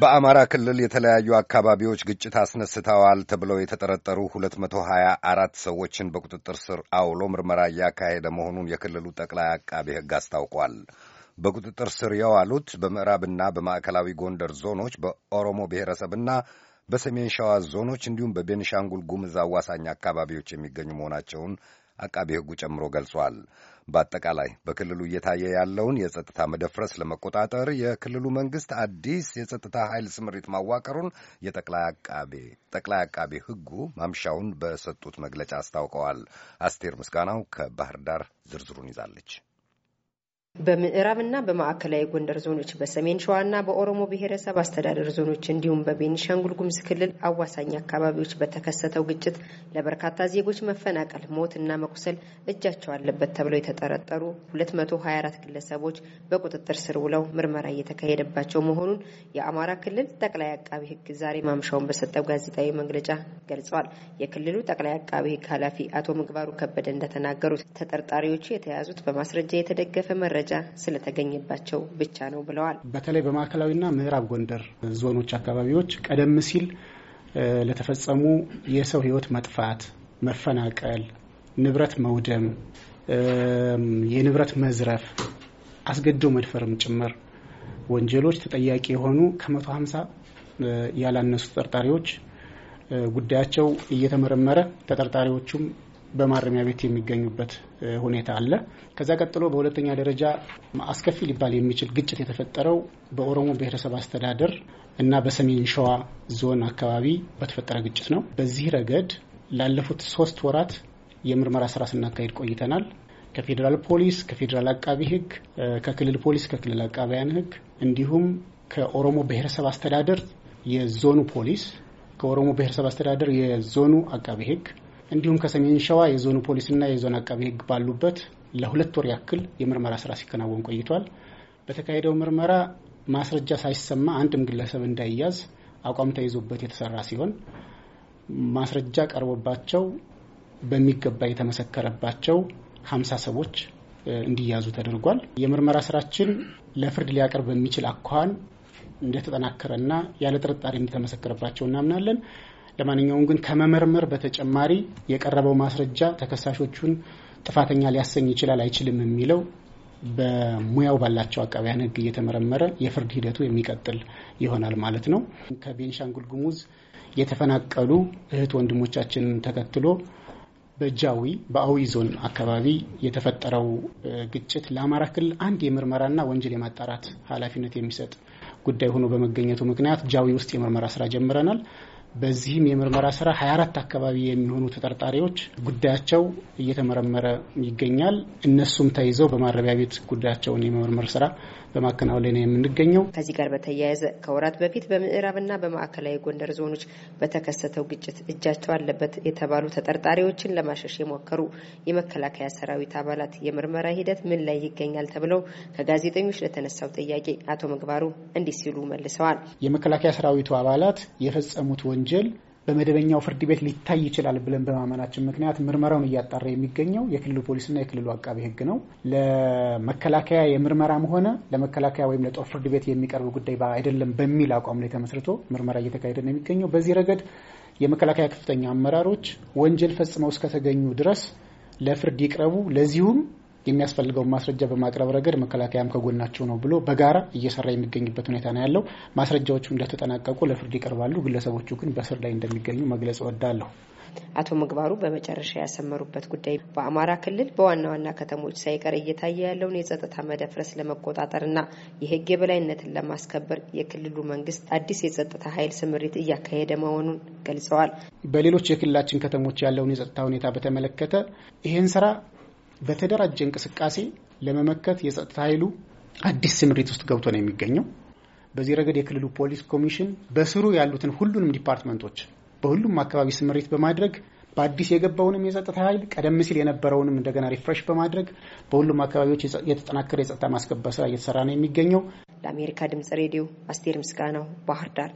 በአማራ ክልል የተለያዩ አካባቢዎች ግጭት አስነስተዋል ተብለው የተጠረጠሩ 224 ሰዎችን በቁጥጥር ስር አውሎ ምርመራ እያካሄደ መሆኑን የክልሉ ጠቅላይ አቃቤ ሕግ አስታውቋል። በቁጥጥር ስር የዋሉት በምዕራብና በማዕከላዊ ጎንደር ዞኖች በኦሮሞ ብሔረሰብና በሰሜን ሸዋ ዞኖች እንዲሁም በቤንሻንጉል ጉምዝ አዋሳኝ አካባቢዎች የሚገኙ መሆናቸውን አቃቤ ሕጉ ጨምሮ ገልጿል። በአጠቃላይ በክልሉ እየታየ ያለውን የጸጥታ መደፍረስ ለመቆጣጠር የክልሉ መንግስት አዲስ የጸጥታ ኃይል ስምሪት ማዋቀሩን የጠቅላይ አቃቤ ሕጉ ማምሻውን በሰጡት መግለጫ አስታውቀዋል። አስቴር ምስጋናው ከባህር ዳር ዝርዝሩን ይዛለች። በምዕራብና በማዕከላዊ ጎንደር ዞኖች በሰሜን ሸዋና በኦሮሞ ብሔረሰብ አስተዳደር ዞኖች እንዲሁም በቤኒሻንጉል ጉሙዝ ክልል አዋሳኝ አካባቢዎች በተከሰተው ግጭት ለበርካታ ዜጎች መፈናቀል፣ ሞትና መቁሰል እጃቸው አለበት ተብለው የተጠረጠሩ 224 ግለሰቦች በቁጥጥር ስር ውለው ምርመራ እየተካሄደባቸው መሆኑን የአማራ ክልል ጠቅላይ አቃቢ ሕግ ዛሬ ማምሻውን በሰጠው ጋዜጣዊ መግለጫ ገልጸዋል። የክልሉ ጠቅላይ አቃቢ ሕግ ኃላፊ አቶ ምግባሩ ከበደ እንደተናገሩት ተጠርጣሪዎቹ የተያዙት በማስረጃ የተደገፈ መረጃ መረጃ ስለተገኘባቸው ብቻ ነው ብለዋል። በተለይ በማዕከላዊና ምዕራብ ጎንደር ዞኖች አካባቢዎች ቀደም ሲል ለተፈጸሙ የሰው ሕይወት መጥፋት፣ መፈናቀል፣ ንብረት መውደም፣ የንብረት መዝረፍ፣ አስገድዶ መድፈርም ጭምር ወንጀሎች ተጠያቂ የሆኑ ከ150 ያላነሱ ተጠርጣሪዎች ጉዳያቸው እየተመረመረ ተጠርጣሪዎቹም በማረሚያ ቤት የሚገኙበት ሁኔታ አለ። ከዛ ቀጥሎ በሁለተኛ ደረጃ አስከፊ ሊባል የሚችል ግጭት የተፈጠረው በኦሮሞ ብሔረሰብ አስተዳደር እና በሰሜን ሸዋ ዞን አካባቢ በተፈጠረ ግጭት ነው። በዚህ ረገድ ላለፉት ሶስት ወራት የምርመራ ስራ ስናካሄድ ቆይተናል። ከፌዴራል ፖሊስ፣ ከፌዴራል አቃቢ ህግ ከክልል ፖሊስ፣ ከክልል አቃቢያን ህግ እንዲሁም ከኦሮሞ ብሔረሰብ አስተዳደር የዞኑ ፖሊስ፣ ከኦሮሞ ብሔረሰብ አስተዳደር የዞኑ አቃቢ ህግ። እንዲሁም ከሰሜን ሸዋ የዞኑ ፖሊስና የዞን አቃቢ ሕግ ባሉበት ለሁለት ወር ያክል የምርመራ ስራ ሲከናወን ቆይቷል። በተካሄደው ምርመራ ማስረጃ ሳይሰማ አንድም ግለሰብ እንዳይያዝ አቋም ተይዞበት የተሰራ ሲሆን ማስረጃ ቀርቦባቸው በሚገባ የተመሰከረባቸው ሀምሳ ሰዎች እንዲያዙ ተደርጓል። የምርመራ ስራችን ለፍርድ ሊያቀርብ በሚችል አኳኋን እንደተጠናከረና ያለ ጥርጣሬ እንደተመሰከረባቸው እናምናለን። ለማንኛውም ግን ከመመርመር በተጨማሪ የቀረበው ማስረጃ ተከሳሾቹን ጥፋተኛ ሊያሰኝ ይችላል አይችልም የሚለው በሙያው ባላቸው አቃቢያን ሕግ እየተመረመረ የፍርድ ሂደቱ የሚቀጥል ይሆናል ማለት ነው። ከቤንሻንጉል ጉሙዝ የተፈናቀሉ እህት ወንድሞቻችንን ተከትሎ በጃዊ በአዊ ዞን አካባቢ የተፈጠረው ግጭት ለአማራ ክልል አንድ የምርመራና ወንጀል የማጣራት ኃላፊነት የሚሰጥ ጉዳይ ሆኖ በመገኘቱ ምክንያት ጃዊ ውስጥ የምርመራ ስራ ጀምረናል። በዚህም የምርመራ ስራ 24 አካባቢ የሚሆኑ ተጠርጣሪዎች ጉዳያቸው እየተመረመረ ይገኛል። እነሱም ተይዘው በማረቢያ ቤት ጉዳያቸውን የመመርመር ስራ በማከናወን ላይ ነው የምንገኘው። ከዚህ ጋር በተያያዘ ከወራት በፊት በምዕራብና በማዕከላዊ ጎንደር ዞኖች በተከሰተው ግጭት እጃቸው አለበት የተባሉ ተጠርጣሪዎችን ለማሸሽ የሞከሩ የመከላከያ ሰራዊት አባላት የምርመራ ሂደት ምን ላይ ይገኛል ተብለው ከጋዜጠኞች ለተነሳው ጥያቄ አቶ ምግባሩ እንዲህ ሲሉ መልሰዋል። የመከላከያ ሰራዊቱ አባላት የፈጸሙት ወንጀል በመደበኛው ፍርድ ቤት ሊታይ ይችላል ብለን በማመናችን ምክንያት ምርመራውን እያጣራ የሚገኘው የክልሉ ፖሊስና የክልሉ አቃቢ ሕግ ነው። ለመከላከያ የምርመራም ሆነ ለመከላከያ ወይም ለጦር ፍርድ ቤት የሚቀርብ ጉዳይ አይደለም በሚል አቋም ላይ ተመስርቶ ምርመራ እየተካሄደ ነው የሚገኘው። በዚህ ረገድ የመከላከያ ከፍተኛ አመራሮች ወንጀል ፈጽመው እስከተገኙ ድረስ ለፍርድ ይቅረቡ፣ ለዚሁም የሚያስፈልገውን ማስረጃ በማቅረብ ረገድ መከላከያም ከጎናቸው ነው ብሎ በጋራ እየሰራ የሚገኝበት ሁኔታ ነው ያለው። ማስረጃዎቹ እንደተጠናቀቁ ለፍርድ ይቀርባሉ። ግለሰቦቹ ግን በስር ላይ እንደሚገኙ መግለጽ እወዳለሁ። አቶ ምግባሩ በመጨረሻ ያሰመሩበት ጉዳይ በአማራ ክልል በዋና ዋና ከተሞች ሳይቀር እየታየ ያለውን የጸጥታ መደፍረስ ለመቆጣጠርና የሕግ የበላይነትን ለማስከበር የክልሉ መንግስት አዲስ የጸጥታ ኃይል ስምሪት እያካሄደ መሆኑን ገልጸዋል። በሌሎች የክልላችን ከተሞች ያለውን የጸጥታ ሁኔታ በተመለከተ ይህን ስራ በተደራጀ እንቅስቃሴ ለመመከት የጸጥታ ኃይሉ አዲስ ስምሪት ውስጥ ገብቶ ነው የሚገኘው። በዚህ ረገድ የክልሉ ፖሊስ ኮሚሽን በስሩ ያሉትን ሁሉንም ዲፓርትመንቶች በሁሉም አካባቢ ስምሪት በማድረግ በአዲስ የገባውንም የጸጥታ ኃይል ቀደም ሲል የነበረውንም እንደገና ሪፍሬሽ በማድረግ በሁሉም አካባቢዎች የተጠናከረ የጸጥታ ማስከበር ስራ እየተሰራ ነው የሚገኘው። ለአሜሪካ ድምጽ ሬዲዮ አስቴር ምስጋናው ባህር ዳር